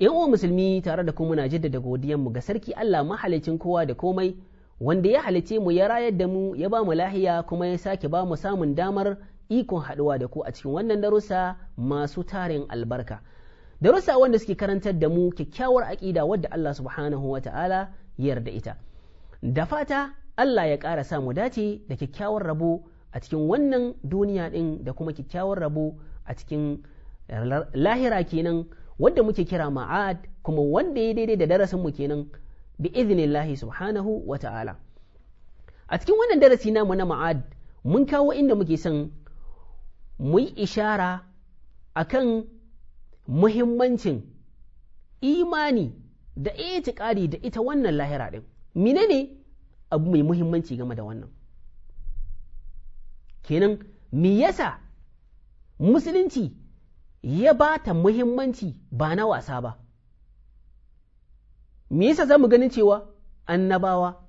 yan uwa musulmi tare da kuma muna jaddada godiyan mu ga sarki Allah mahalicin kowa da komai wanda ya halice mu ya rayar da mu ya ba mu lahiya kuma ya sake ba mu samun damar ikon haɗuwa da ku a cikin wannan darussa masu tarin albarka darussa wanda suke karantar da mu kyakkyawar aƙida wadda Allah subhanahu wa ta'ala ya yarda ita da fata Allah ya ƙara sa mu dace da kyakkyawar rabo a cikin wannan duniya ɗin da kuma kyakkyawar rabo a cikin lahira kenan wanda muke kira ma'ad kuma wanda ya daidai da darasin mu kenan bi iznillahi subhanahu wa ta'ala a cikin wannan darasi namu na ma'ad mun kawo inda muke son mu yi ishara akan muhimmancin imani da itikadi da ita wannan lahira din menene abu mai muhimmanci game da wannan kenan me yasa musulunci ya ba ta muhimmanci ba na wasa ba me yasa za mu ganin cewa annabawa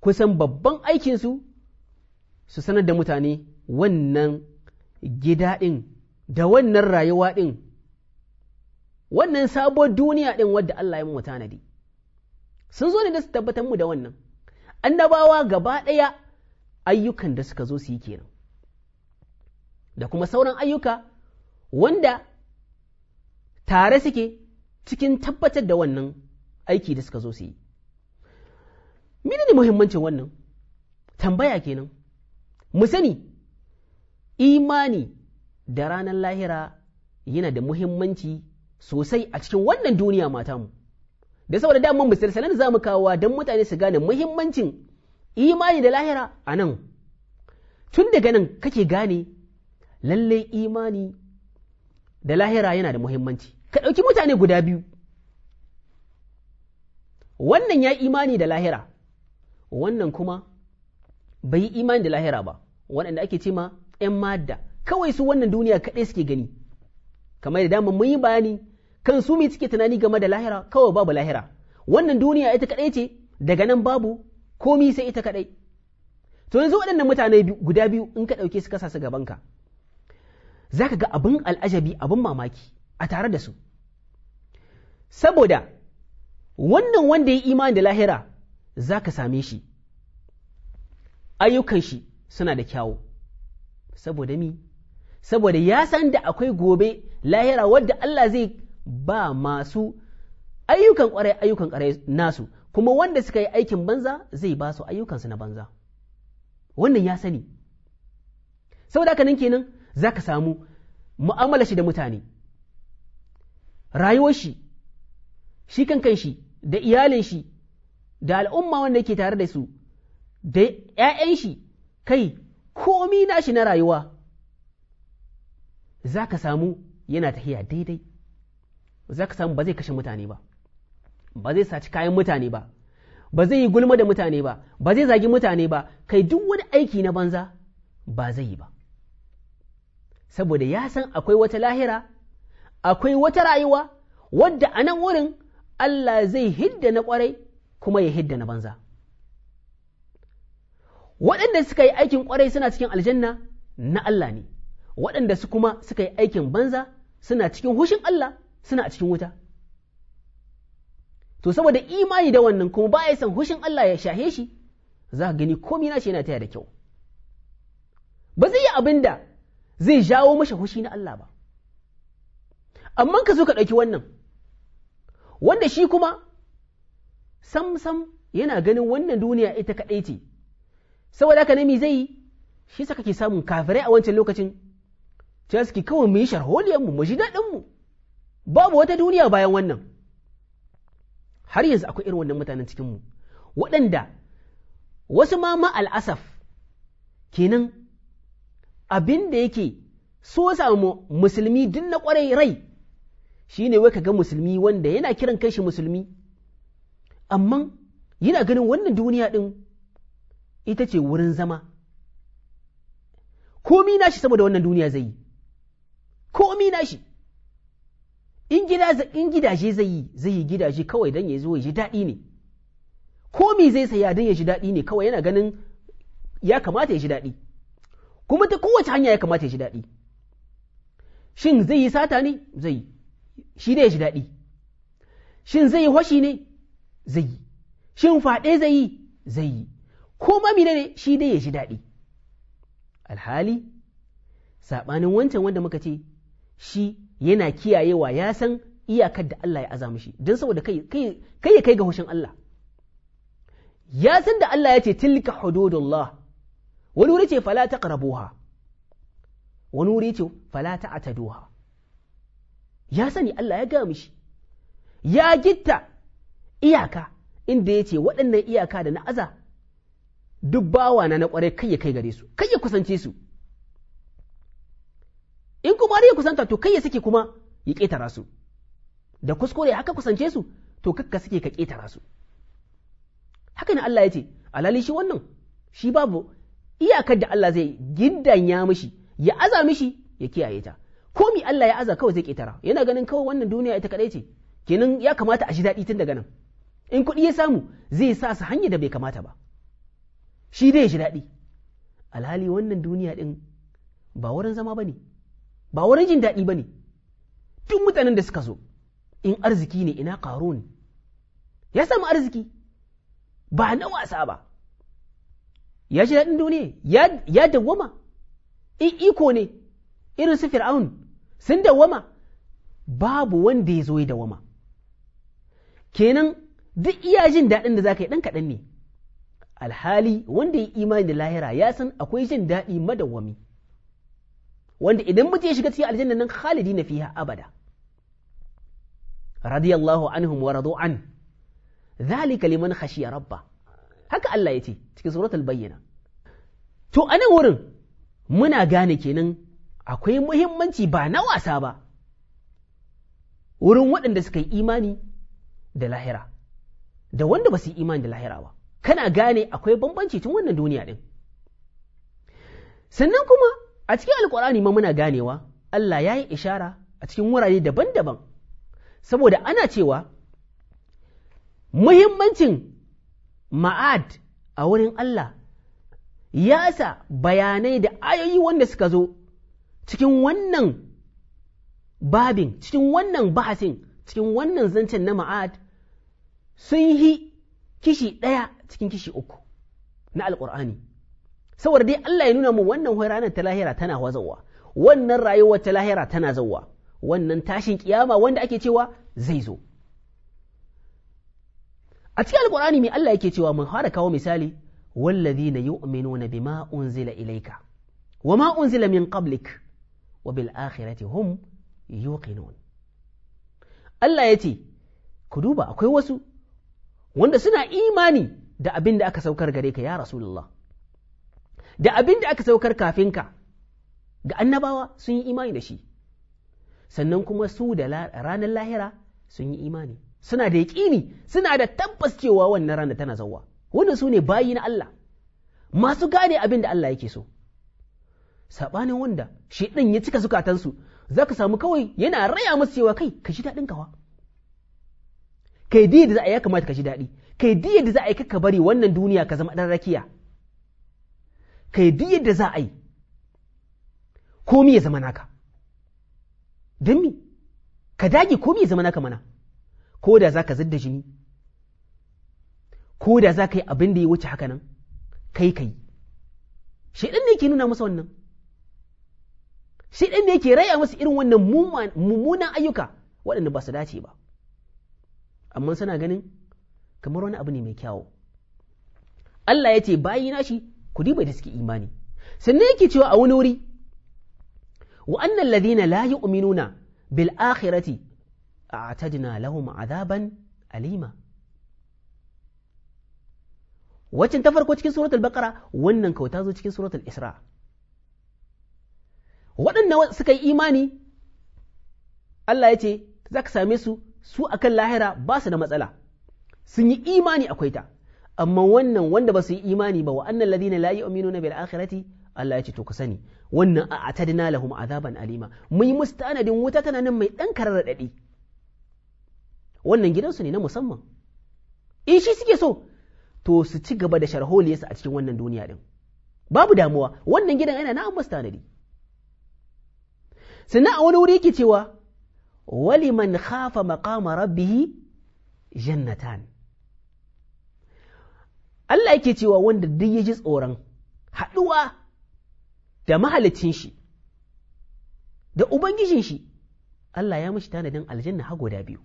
kusan babban aikinsu su sanar da mutane wannan gida ɗin da wannan rayuwa ɗin wannan sabuwar duniya ɗin wadda Allah ya mu tanadi sun zo ne da su tabbatar mu da wannan annabawa gaba ɗaya ayyukan da suka zo su yi kenan da kuma sauran ayyuka wanda tare suke cikin tabbatar da wannan aiki da suka zo su yi mene ne muhimmancin wannan tambaya kenan mu sani imani da ranar lahira yana da muhimmanci sosai a cikin wannan duniya mata mu da saboda damar misalsalan za mu kawo don mutane su gane muhimmancin imani da lahira a nan tun daga nan kake gane lallai imani da lahira yana da muhimmanci ka ɗauki mutane guda biyu wannan ya imani da lahira wannan kuma bai yi imani da lahira ba waɗanda ake cema ma ‘yan madda kawai su wannan duniya kaɗai suke gani kamar da dama mun yi bayani kan su mai suke tunani game da lahira kawai babu lahira wannan duniya ita kaɗai ce daga nan babu komi sai ita kaɗai to yanzu waɗannan mutane guda biyu in ka ɗauke su kasa sa su gabanka za ka ga abin al'ajabi abin mamaki a tare da su saboda wannan wanda ya imani da lahira za ka same shi ayyukan shi suna da kyawu saboda mi saboda ya san da akwai gobe lahira wadda Allah zai ba masu ayyukan kwarai ayyukan kwarai nasu kuma wanda suka yi aikin banza zai ba su ayyukansu na banza wannan ya sani saboda haka nan kenan za ka samu mu'amala shi da mutane rayuwar shi shi kankan shi da iyalin shi da al'umma wanda yake tare da su da ‘ya'yan shi kai komi nashi na rayuwa za ka samu yana tahiya daidai za ka samu ba zai kashe mutane ba ba zai saci kayan mutane ba ba zai yi gulma da mutane ba ba zai zagi mutane ba kai duk wani aiki na banza ba zai yi ba saboda ya san akwai wata lahira akwai wata rayuwa wadda a nan wurin Allah zai hidda na kwarai kuma ya hidda na banza waɗanda suka yi aikin kwarai suna cikin aljanna na Allah ne waɗanda su kuma suka yi aikin banza suna cikin hushin Allah suna cikin wuta to saboda imani da wannan kuma ba ya san hushin Allah ya shahe shi za gani komi shi yana taya da kyau ba zai yi abin da zai jawo masa fushi na Allah ba amma ka zo ka ɗauki wannan wanda shi kuma sam sam yana ganin wannan duniya ita kaɗai ce saboda haka nemi zai yi shi saka ke samun kafirai a wancan lokacin ta suke kawai mu yi sharholiyar mu mu ji daɗin mu babu wata duniya bayan wannan har yanzu akwai irin wannan mutanen cikinmu. waɗanda wasu ma ma al'asaf kenan abin da yake so samu musulmi duk na kwarai rai shi ne wai ga musulmi wanda yana kiran kanshi musulmi amma yana ganin wannan duniya ɗin ita ce wurin zama komi nashi saboda wannan duniya zai yi komi nashi in gidaje zai yi zai yi gidaje kawai don ya zo ya ji daɗi ne komi zai saya don ya ji daɗi ne kawai yana ganin ya kamata ya ji daɗi kuma ta kowace hanya ya kamata ya ji daɗi shin zai yi sata ne zai yi shi ne ya ji daɗi shin zai yi hoshi ne zai yi shin faɗe zai yi zai yi ko mine ne shi dai ya ji daɗi alhali saɓanin wancan wanda muka ce shi yana kiyayewa ya san iyakar da Allah ya aza mishi don saboda kai ya kai ga hushin Allah ya san da Allah ya ce tilka hududullah wani wuri ce fala ta wani wuri ce fala ta doha ya sani Allah ya gamishi mishi ya gitta iyaka inda ya ce waɗannan iyaka da na aza duk na na ƙwarai kai ya kai gare su kai ya kusance su in kuma har ya kusanta to kai ya suke kuma ya ƙetara su da kuskure haka kusance su to kakka suke ka ƙetara su haka ne Allah ya ce alali shi wannan shi babu iyakar da Allah zai ya mishi ya aza mishi ya kiyaye ta ko mi Allah ya aza kawai zai ketara yana ganin kawai wannan duniya ita kadai ce kenan ya kamata a shi daɗi tun daga nan in kuɗi ya samu zai sa su hanyar da bai kamata ba shi dai ya shi daɗi alhali wannan duniya ɗin ba wurin zama ba ne ba wurin jin daɗi ba ne duk mutanen da suka zo in arziki ne ina ƙaro ne ya samu arziki ba na wasa ba ya ji daɗin duniya ya dawwama in iko ne irin su fir'aun sun dawwama babu wanda ya zo ya dawwama kenan duk iya jin daɗin da za ka yi ɗan kaɗan ne alhali wanda ya imani da lahira ya san akwai jin daɗi madawwami wanda idan mutum ya shiga cikin aljanna nan khalidi na fiha abada radiyallahu anhum wa radu an dhalika liman khashiya rabba haka Allah ya ce cikin suratul bayyana to a nan wurin muna gane kenan akwai muhimmanci ba na wasa ba wurin waɗanda suka yi imani da lahira da wanda ba su yi imani da lahira ba kana gane akwai bambanci tun wannan duniya ɗin sannan kuma a cikin alkur'ani ma muna ganewa Allah ya yi ishara a cikin wurare daban-daban saboda ana cewa muhimmancin ma'ad a wurin Allah ya sa bayanai da ayoyi wanda suka zo cikin wannan babin cikin wannan bahasin cikin wannan zancen na ma'ad sun yi kishi ɗaya cikin kishi uku na alƙur'ani saboda dai Allah ya nuna mu wannan ranar ta lahira tana wazawa wannan rayuwar ta lahira tana zawa wannan tashin ƙiyama wanda ake cewa zai zo a cikin alkur'ani mai Allah yake cewa mun fara kawo misali wallazina yu'minuna bima unzila ilayka wama unzila min qablik wa bil akhirati hum yuqinun Allah ya ce ku duba akwai wasu wanda suna imani da abin da aka saukar gare ka ya rasulullah da abin da aka saukar kafin ka ga annabawa sun yi imani da shi sannan kuma su da ranar lahira sun yi imani suna da yaƙini suna da tabbas cewa wannan rana tana zauwa wannan su ne bayi na Allah masu gane abin da Allah yake so saɓanin wanda shi ɗin ya cika zukatansu za ka samu kawai yana raya musu cewa kai ka ji daɗin kawa kai diya da za a yi kamata ka ji daɗi kai diya da za a yi ka bari wannan duniya ka zama ɗan rakiya kai diya da za a yi komi ya zama naka don mi ka dage komi ya zama naka mana ko da za ka zidda jini ko da za ka yi abin da ya wuce haka nan kai kai ɗin ne ke nuna masa wannan ɗin ne ke raya masa irin wannan mummunan ayyuka waɗanda ba su dace ba amma suna ganin kamar wani abu ne mai kyawo Allah ya ce bayi nashi ku diba da suke imani sannan yake cewa a wani wuri wa'annan ladina la yu'minuna bil akhirati a'tadna lahum azaban alima waccan ta farko cikin suratul baqara wannan kauta zo cikin suratul isra waɗannan suka yi imani Allah ya ce za ka same su su akan lahira ba su da matsala sun yi imani akwai ta amma wannan wanda ba su yi imani ba wa annan ladina la yu'minuna bil akhirati Allah ya ce to ku sani wannan a atadna lahum azaban alima mun yi musu tanadin wuta tana nan mai dan karar wannan gidansu ne na musamman in shi suke so to su ci gaba da sharholiyarsu a cikin wannan duniya din babu damuwa wannan gidan yana na ambas tanadi sannan a wani wuri yake cewa waliman khafa maqama rabbihi jannatan Allah yake cewa wanda duk ya ji tsoron haɗuwa da mahalicin shi da ubangijin shi Allah ya mishi tanadin aljanna ha guda biyu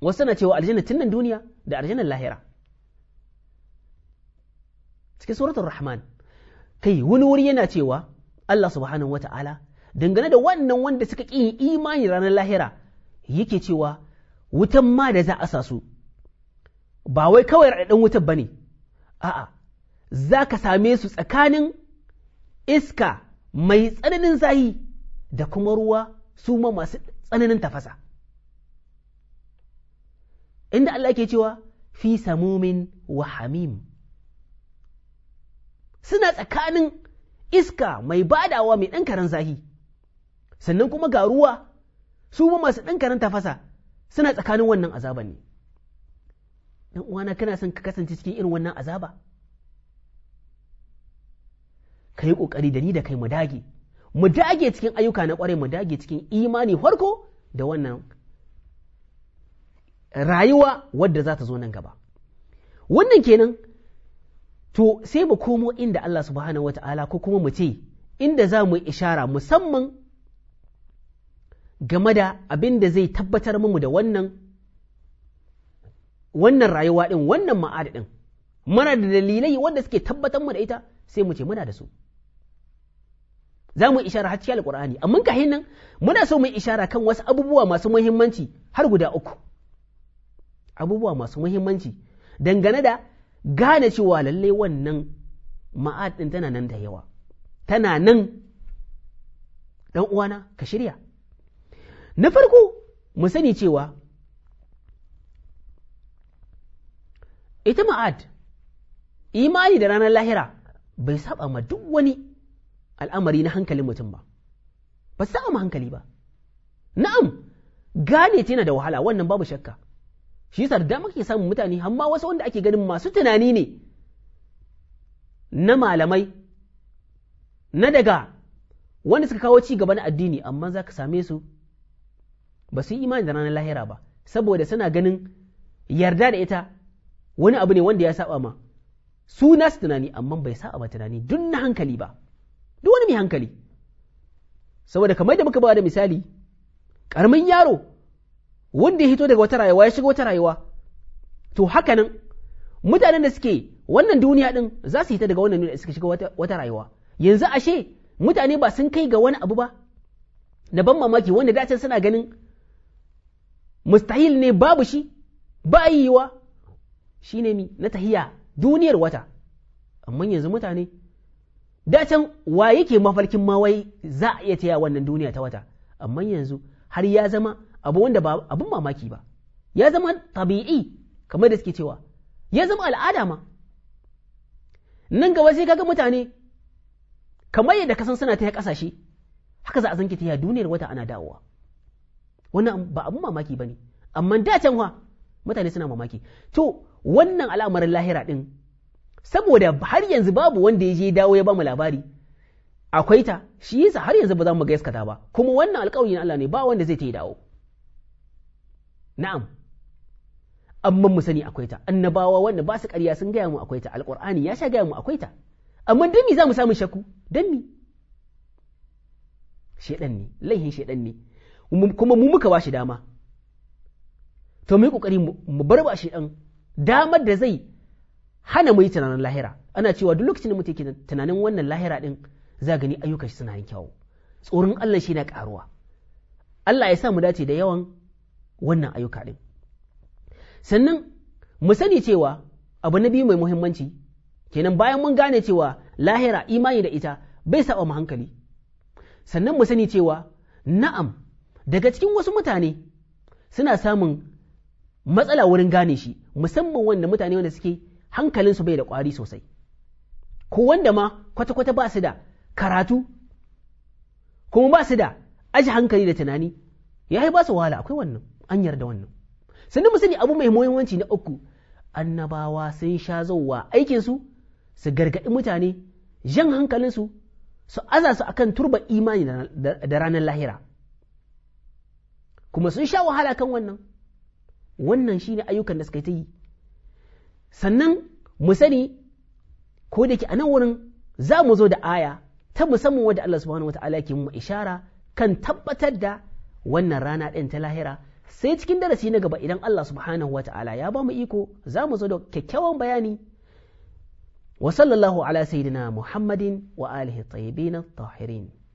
wasu na cewa aljanna tun nan duniya da aljannan lahira cikin suratul rahman kai wani wuri yana cewa Allah subhanahu wata'ala dangane da wannan wanda suka ƙi imani ranar lahira yake cewa wutan ma da za a sa su ba wai kawai raɗaɗɗen wutar ba ne a'a za ka same su tsakanin iska mai tsananin zahi da kuma ruwa su ma masu tsananin tafasa inda Allah ke cewa fi samumin wa hamim suna tsakanin iska mai badawa mai ɗan karen zahi sannan kuma ga ruwa su ma masu ɗan karen tafasa suna tsakanin wannan azaba ne ɗan uwana kana son ka kasance cikin irin wannan azaba ka yi ƙoƙari da ni da kai mu dage mu dage cikin ayyuka na ƙwarai mu dage cikin imani farko da wannan rayuwa wadda za ta zo nan gaba wannan kenan to sai mu komo inda Allah subhanahu ta'ala ko kuma mu ce inda za mu ishara musamman game da abin da zai tabbatar mu da wannan wannan rayuwa ɗin wannan ma'ada ɗin muna da dalilai wanda suke tabbatar mu da ita sai mu ce muna da su za mu ishara har cikin alƙur'ani amma kahin nan muna so mu ishara kan wasu abubuwa masu muhimmanci har guda uku abubuwa masu muhimmanci dangane da gane cewa lallai wannan ma'ad ɗin tana nan da yawa tana nan ɗan uwana ka shirya na farko mu sani cewa ita ma'ad imani da ranar lahira bai saba ma duk wani al'amari na hankali mutum ba ba saba ma hankali ba na'am gane ta yana da wahala wannan babu shakka shi yasa da muke samun mutane amma wasu wanda ake ganin masu tunani ne na malamai na daga wanda suka kawo ci gaba na addini amma za ka same su ba su yi imani da ranar lahira ba saboda suna ganin yarda da ita wani abu ne wanda ya saba ma su nasu tunani amma bai saba ba tunani duk na hankali ba duk wani mai hankali saboda kamar da muka ba da misali karamin yaro wanda ya hito daga wata rayuwa ya shiga wata rayuwa to haka nan mutanen da suke wannan duniya din za su hita daga wannan duniya suka shiga wata rayuwa yanzu ashe mutane ba sun kai ga wani abu ba na ban mamaki wanda da can suna ganin mustahil ne babu shi ba yiwa shi ne mi na tahiya duniyar wata amma yanzu mutane da can wa yake mafarkin ma wai za a iya taya wannan duniya ta wata amma yanzu har ya zama abu wanda ba abun mamaki ba ya zama tabi'i kamar da suke cewa ya zama al'ada ma nan gaba sai kaga mutane kamar yadda kasan suna ta kasashe haka za a zanke ta duniyar wata ana dawowa wannan ba abun mamaki ba ne. amma da can wa mutane suna mamaki to wannan al'amarin lahira din saboda har yanzu babu wanda ya je dawo ya ba labari akwai ta shi yasa har yanzu ba za mu gaskata ba kuma wannan alƙawari na Allah ne ba wanda zai ta dawo na'am amma mu sani akwai ta annabawa wanda ba su ƙarya sun gaya mu akwai ta alƙur'ani ya sha gaya mu akwai ta amma dan me za mu samu shakku dan me shedan ne laihin shedan ne kuma mu muka ba shi dama to mu yi kokari mu bar ba shi ɗan damar da zai hana mu yi tunanin lahira ana cewa duk lokacin da mu take tunanin wannan lahira din za gani ayyukan shi suna yin kyawu tsoron Allah shi na karuwa Allah ya sa mu dace da yawan wannan ayyuka ɗin sannan mu sani cewa abu na biyu mai muhimmanci kenan bayan mun gane cewa lahira imani da ita bai saba mu hankali sannan mu sani cewa na'am daga cikin wasu mutane suna samun matsala wurin gane shi musamman wanda mutane wanda suke hankalinsu bai da ƙwari sosai ko wanda ma kwata-kwata ba su da karatu kuma ba su da aji hankali da tunani ya yi ba su wahala akwai wannan an yarda wannan sannan mu sani abu mai muhimmanci na uku annabawa sun sha zauwa aikinsu su gargaɗi mutane jan hankalinsu su aza su akan turba imani da ranar lahira kuma sun sha wahala kan wannan wannan shine ayyukan da suka ta yi sannan mu sani ko da ke a nan wurin za mu zo da aya ta musamman wadda Allah subhanahu wata'ala ke mu ishara kan tabbatar da wannan rana ɗin ta lahira sai cikin darasi na gaba idan Allah subhanahu wa ta'ala ya ba mu iko za mu zo da kyakkyawan bayani wa sallallahu ala sayyidina muhammadin wa alihi tayyibin tahirin